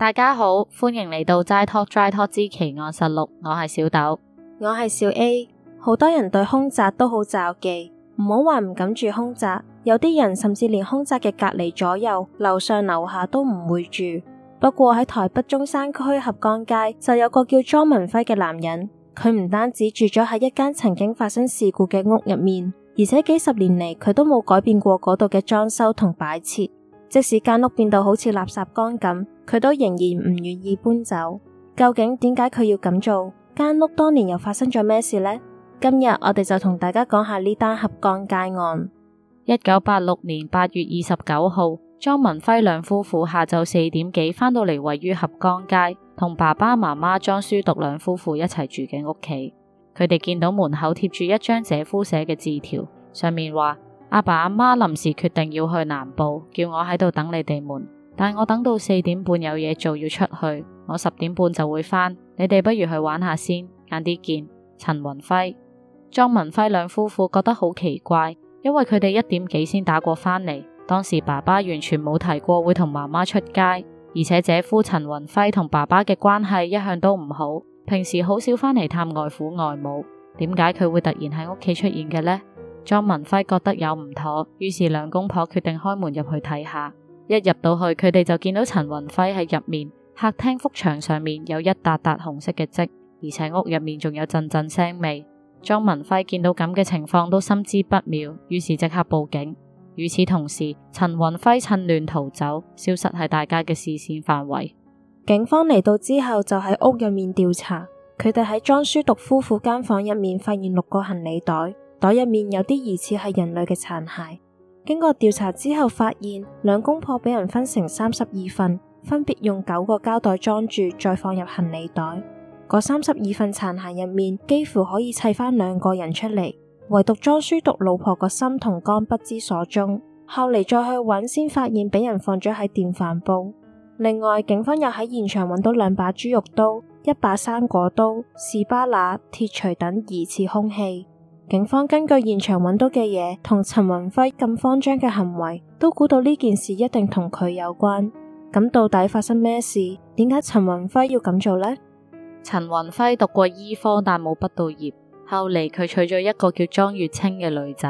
大家好，歡迎嚟到齋托齋托之奇案實錄，我係小豆，我係小 A。好多人對凶宅都好忌諱，唔好話唔敢住凶宅，有啲人甚至連凶宅嘅隔離左右、樓上樓下都唔會住。不過喺台北中山區合江街就有個叫莊文輝嘅男人，佢唔單止住咗喺一間曾經發生事故嘅屋入面，而且幾十年嚟佢都冇改變過嗰度嘅裝修同擺設。即使間屋變到好似垃圾缸咁，佢都仍然唔願意搬走。究竟點解佢要咁做？間屋當年又發生咗咩事呢？今日我哋就同大家講下呢單合江街案。一九八六年八月二十九號，莊文輝兩夫婦下晝四點幾返到嚟，位於合江街同爸爸媽媽莊書讀兩夫婦一齊住嘅屋企，佢哋見到門口貼住一張姐夫寫嘅字條，上面話。阿爸阿媽臨時決定要去南部，叫我喺度等你哋門，但我等到四點半有嘢做要出去，我十點半就會返。你哋不如去玩下先，晏啲見。陳雲輝、莊文輝兩夫婦覺得好奇怪，因為佢哋一點幾先打過翻嚟，當時爸爸完全冇提過會同媽媽出街，而且姐夫陳雲輝同爸爸嘅關係一向都唔好，平時好少返嚟探外父外母，點解佢會突然喺屋企出現嘅呢？莊文輝覺得有唔妥，於是兩公婆決定開門入去睇下。一入到去，佢哋就見到陳云輝喺入面客廳幅牆上面有一笪笪紅色嘅迹，而且屋入面仲有陣陣腥味。莊文輝見到咁嘅情況都心知不妙，於是即刻報警。與此同時，陳云輝趁亂逃走，消失喺大家嘅視線範圍。警方嚟到之後就喺屋入面調查，佢哋喺莊書讀夫婦間房入面發現六個行李袋。袋入面有啲疑似係人類嘅殘骸。經過調查之後，發現兩公婆俾人分成三十二份，分別用九個膠袋裝住，再放入行李袋。嗰三十二份殘骸入面，幾乎可以砌翻兩個人出嚟，唯獨莊書讀老婆個心同肝不知所蹤。後嚟再去揾，先發現俾人放咗喺電飯煲。另外，警方又喺現場揾到兩把豬肉刀、一把生果刀、士巴拿、鐵錘等疑似凶器。警方根據現場揾到嘅嘢、同陳雲輝咁慌張嘅行為，都估到呢件事一定同佢有關。咁到底發生咩事？點解陳雲輝要咁做呢？陳雲輝讀過醫科但冇畢到業。後嚟，佢娶咗一個叫莊月清嘅女仔。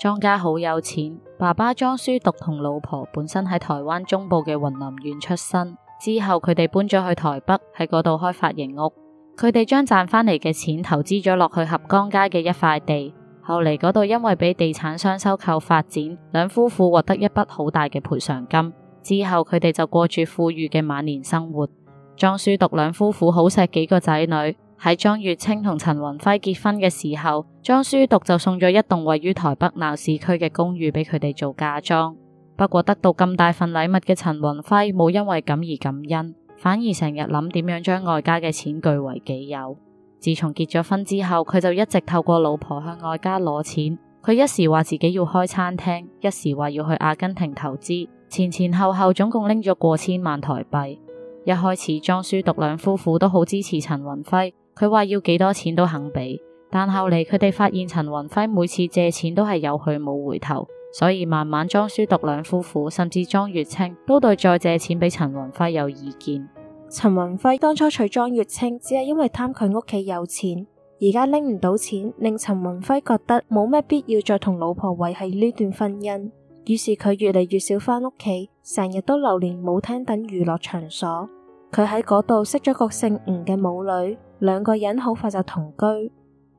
莊家好有錢，爸爸莊書讀同老婆本身喺台灣中部嘅雲林縣出身，之後佢哋搬咗去台北，喺嗰度開髮型屋。佢哋將賺翻嚟嘅錢投資咗落去合江街嘅一塊地，後嚟嗰度因為俾地產商收購發展，兩夫婦獲得一筆好大嘅賠償金。之後佢哋就過住富裕嘅晚年生活。莊書讀兩夫婦好錫幾個仔女，喺莊月清同陳云輝結婚嘅時候，莊書讀就送咗一棟位於台北鬧市區嘅公寓畀佢哋做嫁妝。不過得到咁大份禮物嘅陳云輝冇因為咁而感恩。反而成日諗點樣將外家嘅錢據為己有。自從結咗婚之後，佢就一直透過老婆向外家攞錢。佢一時話自己要開餐廳，一時話要去阿根廷投資，前前後後總共拎咗過千萬台幣。一開始莊書讀兩夫婦都好支持陳云輝，佢話要幾多錢都肯俾。但後嚟佢哋發現陳云輝每次借錢都係有去冇回頭。所以慢慢，莊書讀兩夫婦甚至莊月清都對再借錢俾陳云輝有意見。陳云輝當初娶莊月清只係因為貪佢屋企有錢，而家拎唔到錢，令陳云輝覺得冇咩必要再同老婆維繫呢段婚姻，於是佢越嚟越少返屋企，成日都流連舞廳等娛樂場所。佢喺嗰度識咗個姓吳嘅舞女，兩個人好快就同居。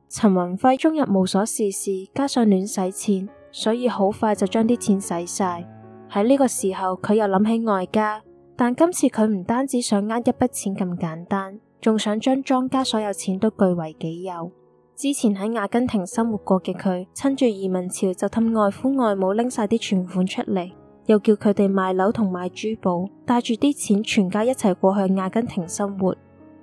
陳云輝終日無所事事，加上亂使錢。所以好快就將啲錢使晒。喺呢個時候，佢又諗起外家，但今次佢唔單止想呃一筆錢咁簡單，仲想將莊家所有錢都據為己有。之前喺阿根廷生活過嘅佢，趁住移民潮就氹外父外母拎晒啲存款出嚟，又叫佢哋賣樓同賣珠寶，帶住啲錢全家一齊過去阿根廷生活。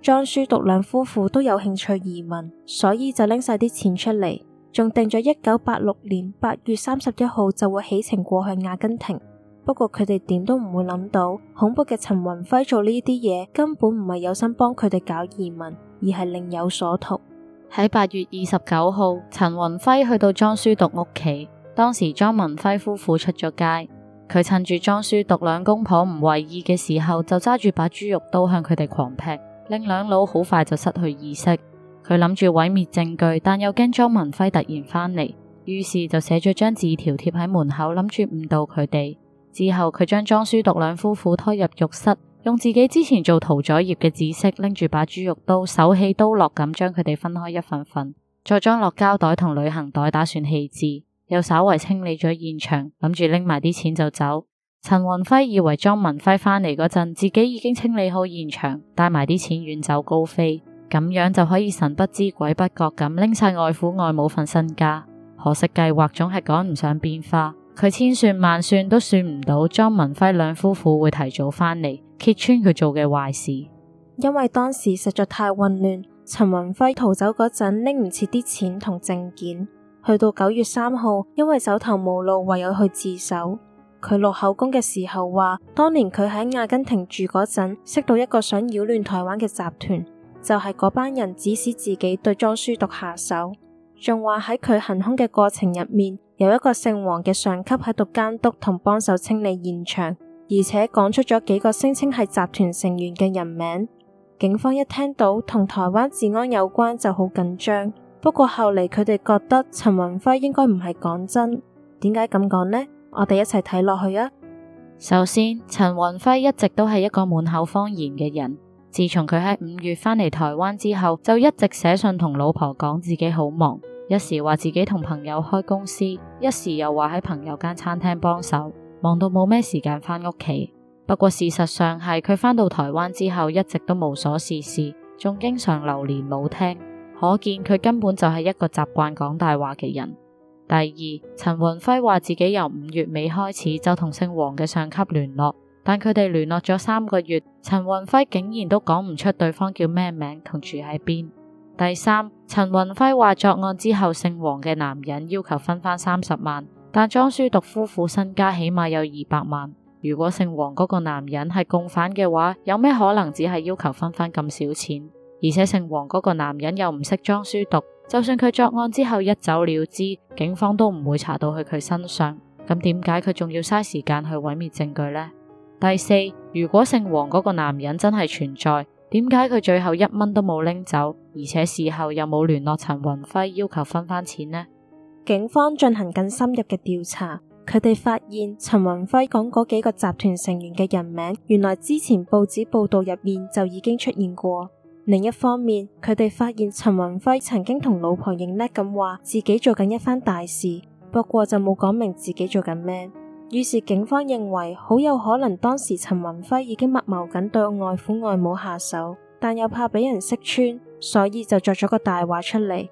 莊書讀兩夫婦都有興趣移民，所以就拎晒啲錢出嚟。仲定咗一九八六年八月三十一號就會起程過去阿根廷，不過佢哋點都唔會諗到，恐怖嘅陳雲輝做呢啲嘢根本唔係有心幫佢哋搞移民，而係另有所圖。喺八月二十九號，陳雲輝去到莊書讀屋企，當時莊文輝夫婦出咗街，佢趁住莊書讀兩公婆唔為意嘅時候，就揸住把豬肉刀向佢哋狂劈，令兩老好快就失去意識。佢諗住毀滅證據，但又驚莊文輝突然返嚟，於是就寫咗張字條貼喺門口，諗住誤導佢哋。之後佢將莊書讀兩夫婦拖入浴室，用自己之前做屠宰業嘅知識，拎住把豬肉刀，手起刀落咁將佢哋分開一份份，再裝落膠袋同旅行袋，打算棄置，又稍為清理咗現場，諗住拎埋啲錢就走。陳雲輝以為莊文輝返嚟嗰陣，自己已經清理好現場，帶埋啲錢遠走高飛。咁樣就可以神不知鬼不覺咁拎晒外父外母份身家。可惜計劃總係趕唔上變化，佢千算萬算都算唔到莊文輝兩夫婦會提早返嚟揭穿佢做嘅壞事。因為當時實在太混亂，陳文輝逃走嗰陣拎唔切啲錢同證件，去到九月三號，因為走投無路，唯有去自首。佢落口供嘅時候話，當年佢喺阿根廷住嗰陣，識到一個想擾亂台灣嘅集團。就係嗰班人指使自己對莊書讀下手，仲話喺佢行凶嘅過程入面，有一個姓黃嘅上級喺度監督同幫手清理現場，而且講出咗幾個聲稱係集團成員嘅人名。警方一聽到同台灣治安有關就好緊張，不過後嚟佢哋覺得陳雲輝應該唔係講真。點解咁講呢？我哋一齊睇落去啊！首先，陳雲輝一直都係一個滿口謊言嘅人。自從佢喺五月返嚟台灣之後，就一直寫信同老婆講自己好忙，一時話自己同朋友開公司，一時又話喺朋友間餐廳幫手，忙到冇咩時間返屋企。不過事實上係佢返到台灣之後一直都無所事事，仲經常流連舞廳，可見佢根本就係一個習慣講大話嘅人。第二，陳雲輝話自己由五月尾開始就同姓黃嘅上級聯絡。但佢哋聯絡咗三個月，陳雲輝竟然都講唔出對方叫咩名同住喺邊？第三，陳雲輝話作案之後，姓黃嘅男人要求分翻三十萬，但莊書讀夫婦身家起碼有二百萬。如果姓黃嗰個男人係共犯嘅話，有咩可能只係要求分翻咁少錢？而且姓黃嗰個男人又唔識莊書讀，就算佢作案之後一走了之，警方都唔會查到去佢身上。咁點解佢仲要嘥時間去毀滅證據呢？第四，如果姓黃嗰個男人真係存在，點解佢最後一蚊都冇拎走，而且事後又冇聯絡陳雲輝要求分翻錢呢？警方進行更深入嘅調查，佢哋發現陳雲輝講嗰幾個集團成員嘅人名，原來之前報紙報道入面就已經出現過。另一方面，佢哋發現陳雲輝曾經同老婆認叻咁話自己做緊一番大事，不過就冇講明自己做緊咩。於是警方認為好有可能當時陳雲輝已經密謀緊對外父外母下手，但又怕俾人識穿，所以就作咗個大話出嚟。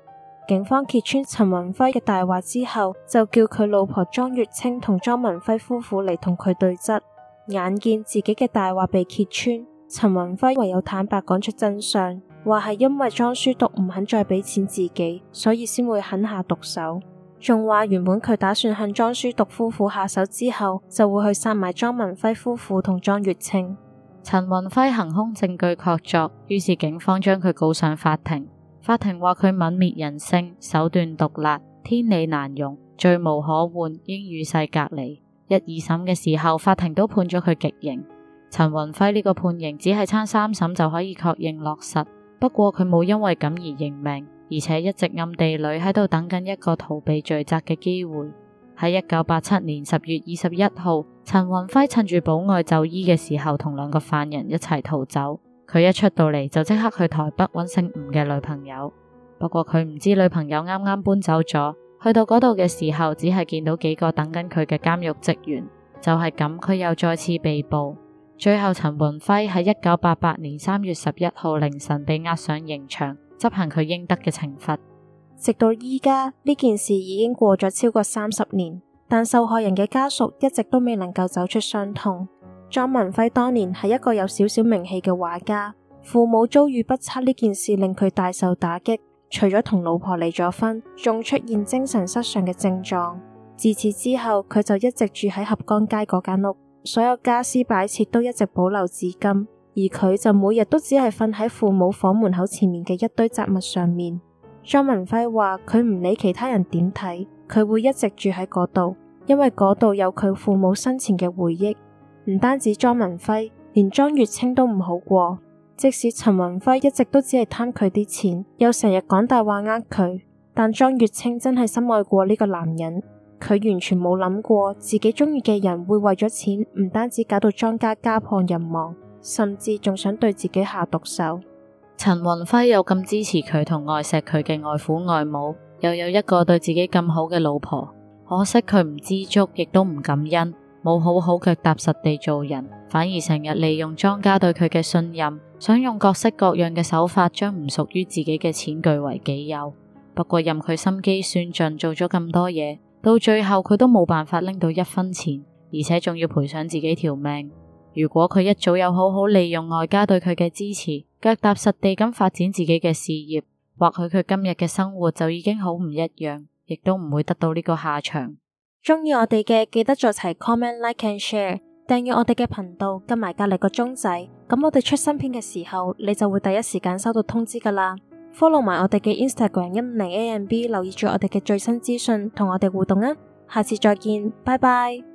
警方揭穿陳雲輝嘅大話之後，就叫佢老婆莊月清同莊文輝夫婦嚟同佢對質。眼見自己嘅大話被揭穿，陳雲輝唯有坦白講出真相，話係因為莊書讀唔肯再俾錢自己，所以先會狠下毒手。仲話原本佢打算向莊書讀夫婦下手之後，就會去殺埋莊文輝夫婦同莊月清。陳雲輝行凶證據確鑿，於是警方將佢告上法庭。法庭話佢泯滅人性，手段毒辣，天理難容，罪無可換，應與世隔離。一二審嘅時候，法庭都判咗佢極刑。陳雲輝呢個判刑只係差三審就可以確認落實，不過佢冇因為咁而認命。而且一直暗地裏喺度等緊一個逃避罪責嘅機會。喺一九八七年十月二十一號，陳雲輝趁住保外就醫嘅時候，同兩個犯人一齊逃走。佢一出到嚟就即刻去台北揾姓吳嘅女朋友，不過佢唔知女朋友啱啱搬走咗。去到嗰度嘅時候，只係見到幾個等緊佢嘅監獄職員。就係咁，佢又再次被捕。最後，陳雲輝喺一九八八年三月十一號凌晨被押上刑場。執行佢應得嘅懲罰。直到依家呢件事已經過咗超過三十年，但受害人嘅家屬一直都未能夠走出傷痛。莊文輝當年係一個有少少名氣嘅畫家，父母遭遇不測呢件事令佢大受打擊，除咗同老婆離咗婚，仲出現精神失常嘅症狀。自此之後，佢就一直住喺合江街嗰間屋，所有家私擺設都一直保留至今。而佢就每日都只係瞓喺父母房門口前面嘅一堆雜物上面。莊文輝話：佢唔理其他人點睇，佢會一直住喺嗰度，因為嗰度有佢父母生前嘅回憶。唔單止莊文輝，連莊月清都唔好過。即使陳文輝一直都只係貪佢啲錢，又成日講大話，呃佢，但莊月清真係深愛過呢個男人。佢完全冇諗過自己中意嘅人會為咗錢，唔單止搞到莊家家破人亡，甚至仲想對自己下毒手。陳雲輝又咁支持佢同愛錫佢嘅外父外母，又有一個對自己咁好嘅老婆。可惜佢唔知足，亦都唔感恩，冇好好腳踏實地做人，反而成日利用莊家對佢嘅信任，想用各式各樣嘅手法將唔屬於自己嘅錢據為己有。不過任佢心機算盡，做咗咁多嘢，到最後佢都冇辦法拎到一分錢，而且仲要賠上自己條命。如果佢一早有好好利用外家對佢嘅支持，腳踏實地咁發展自己嘅事業，或許佢今日嘅生活就已經好唔一樣，亦都唔會得到呢個下場。鍾意我哋嘅記得做齊 comment like and share，訂閱我哋嘅頻道，跟埋隔籬個鐘仔，咁我哋出新片嘅時候，你就會第一時間收到通知噶啦。follow 埋我哋嘅 instagram 10 a m b，留意住我哋嘅最新資訊，同我哋互動啊！下次再見，拜拜。